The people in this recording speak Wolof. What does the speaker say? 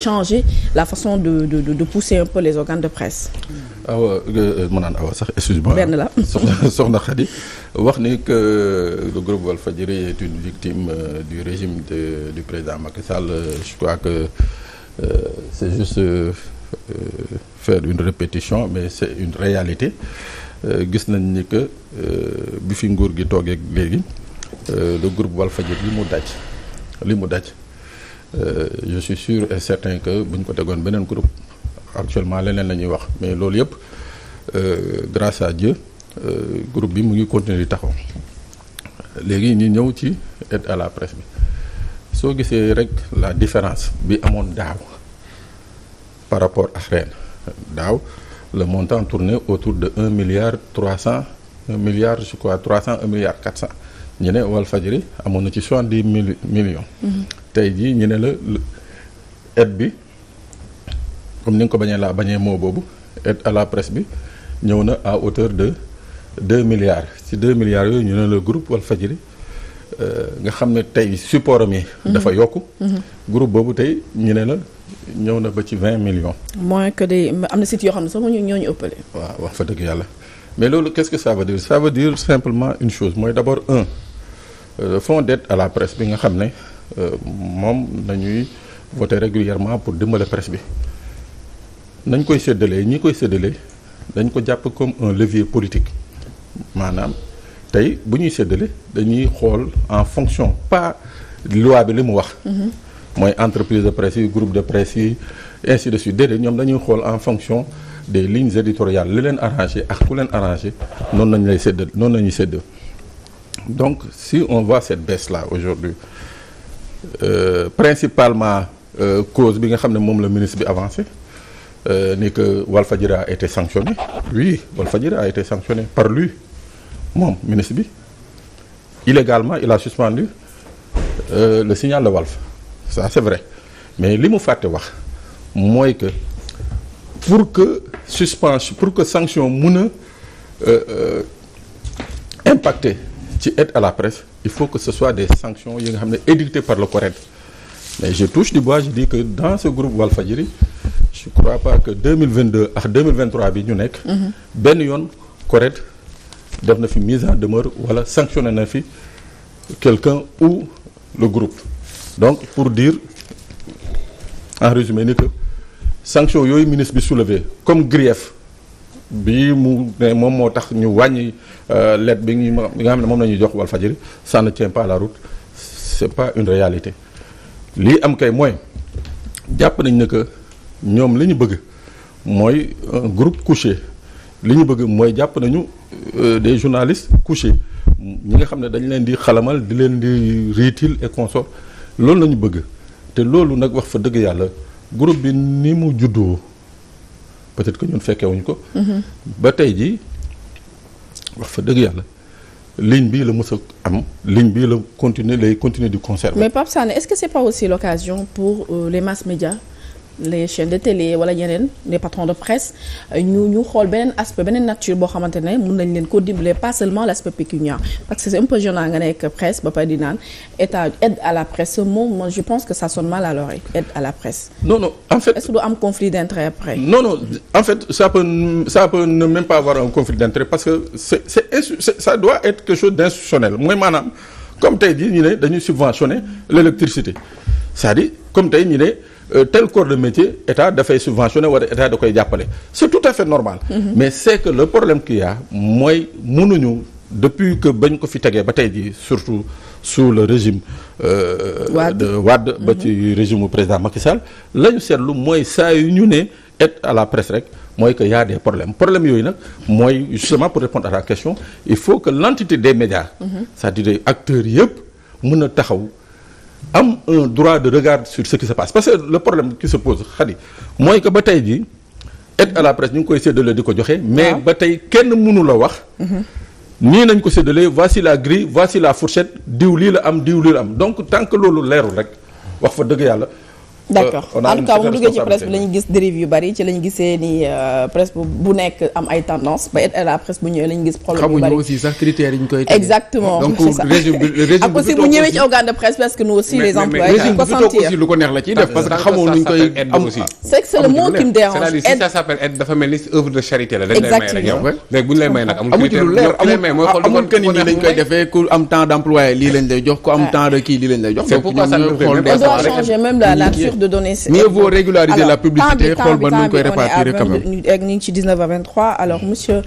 changer la façon de de de pousser un peu les organes de presse. awa euh, euh, ma naan awa sax excuse-moi. benn la soxna soxna Khady wax ni que euh, le groupe Walfadjri est une victime du régime du président Macky Sall je crois que euh, c'est juste euh, faire une répétition mais c'est une réalité gis nañ ni que bi fi nguur gi toogee léegi le groupe Walfadjri li mu daj li mu daj. Euh, je suis sûr et certain que buñ ko tegoon beneen groupe actuellement leneen la ñuy wax mais loolu yëpp euh, grâce à Dieu euh, groupe bi mu ngi continuer di taxaw léegi ñu ñëw ci aide à la presse bi soo gisee rek la différence bi amoon daaw par rapport ak ren daaw le montant tournait autour de un milliard trois cent un milliard je crois trois cent un milliard quatre cent ñu ne Walfadjri amoon na ci soixante-dix mille millions. Mm-hmm. tey jii ñu ne la aide bi comme ni nga ko bañee la bañee moo boobu aide à la presse bi ñëw na à hauteur de deux milliards ci deux milliards yooyu ñu ne la groupe Walfadjri euh, nga xam ne tey support am yi mm-hmm. dafa yokk mm-hmm. groupe boobu tey ñu ne la ñëw na ba ci vingt millions. moins que des am na sites yoo xam ne sax ñoo ñu ëppale. waaw wax fa dëgg yàlla mais loolu qu'est-ce que ça veut dire ça veut dire simplement une chose mooy d'abord Euh, le fonds d'aide à la presse bi nga xam ne euh, moom nañuy voter régulièrement pour dimbale presse bi nañ koy séddalee ñi koy séddalee dañ ko jàpp comme un levier politique maanaam tey bu ñuy séddale dañuy xool en fonction pas loi bi li mu wax mhm. mooy entreprise de presse yi groupe de presse yi ainsi de suite déedéet ñoom dañuy xool en fonction des lignes éditoriales li leen arrangé ak ku leen arrangé noonu nañ lay séddal noonu la ñuy séddal donc si on voit cette baisse là aujourd'hui euh, principalement euh, cause bi nga xam ne moom la ministre bi avancé euh, ni que Walfadjri a été sanctionné oui Walfadjri a été sanctionné par lui moom ministre bi illégalement il a suspendu euh, le signal de Walf ça c'est vrai mais li mu fàtte wax mooy que pour que suspension pour que sanction mun a euh, euh, impacter ci aide à la presse il faut que ce soit des sanctions yi nga xam ne édictées par le CORED mais je touche du bois je dis que dans ce groupe Walfadjri je crois pas que 2022 ak 2023 bi ñu nekk mhm. benn yoon CORED def na fi mise en demeure wala sanctionné na fi quelqu'un ou le groupe donc pour dire en résumé ni que yooyu ministre bi soulevé comme grief bii mu ne moom moo tax ñu wàññi euh, lettre bi nga xam ne moom la ñuy jox Walf Fadjri ça ne tient pas la route c'est pas une réalité lii am kay mooy jàpp nañ ne que ñoom li ñu bëgg mooy groupe couché li ñu bëgg mooy jàpp nañu euh, des journalistes couchés ñi nga xam ne dañ leen di xalamal di leen di riitil et consort loolu la bëgg te loolu nag wax fa dëgg yàlla groupe bi ni mu juddoo peut-être que fekkee fekkewuñ ko. ba tey jii wax fa dëgg yàlla ligne bii la mës a am ligne bii la continuer lay continuer di conserver. mais Pape est-ce que c'est pas aussi l'occasion pour euh, les mass médias les chaînes de télé wala yeneen les patrons de presse ñu ñu xool beneen aspect beneen nature boo xamante ne mun nañ leen ko dimbalee pas seulement l' aspect parce que c' est un peu gênant nga nekk presse ba pare di naan état aide à la presse moom je pense que ça sonne mal à l'oreille aide à la presse. non non en fait est ce que du am conflit d' intérêt après. non non en fait ça peut ça peut ne même pas avoir un conflit d' intérêt parce que c' est ça doit Euh, tel corps de métier état dafay subventionné wala état da koy jàppale c'est tout à fait normal mm-hmm. mais c'est que le problème qu'il y a mooy mënuñu depuis que bañ ko fi tegee ba tey jii surtout su le régime euh, de Wade ba ci mm-hmm. régime u président Macky Sall la seetlu mooy saa yu ñu ne aide à la presse rek mooy que y a des problèmes problèmes yooyu nag mooy justement pour répondre à la question il faut que l'entité des médias mm-hmm. c'est-à-dire acteurs yëpp mun a taxaw am un droit de regard su ce qui se passe parce que le problème qui se pose xadi mooy que ba tey ji aide à la presse ñu ngi koy séddale di ko joxe. mais ba tey kenn mënu wax. Mhm. nii nañ ko séddalee voici la grille voici la fourchette diw lii la am diw lii la am donc tant que loolu leerul rek wax fa dëgg yàlla. d'accord euh, en tout cas bu duggee ci presse bi la ñu gis dérive yu bari ci la ñu gisee ni euh, presse bu nekk am ay tendance ba être la presse bu ñëwee la ñu gis problème yu bari xamuñu aussi sax critères yi ñu koy exactement donc régime régime aussi bu ñëwee ci organe de presse parce que nous aussi les employés ko sentir aussi lu ko neex la ciy ah, def parce que xamoo nuñ koy am aussi c'est que c'est le mot qui me dérange c'est-à-dire si ça s'appelle aide dafa mel ni œuvre de charité la dañ lay may rek yow léegi bu ñu lay may nag amul ci lu leer amul que ni nii lañ koy defee ku am temps d'employé lii lañ lay jox ku am temps de kii lii lañ lay jox c'est pourquoi ça nous prend des de donner. mieux vaut régulariser la publicité xool ba nu ñu koy répartir quand même. ñu egg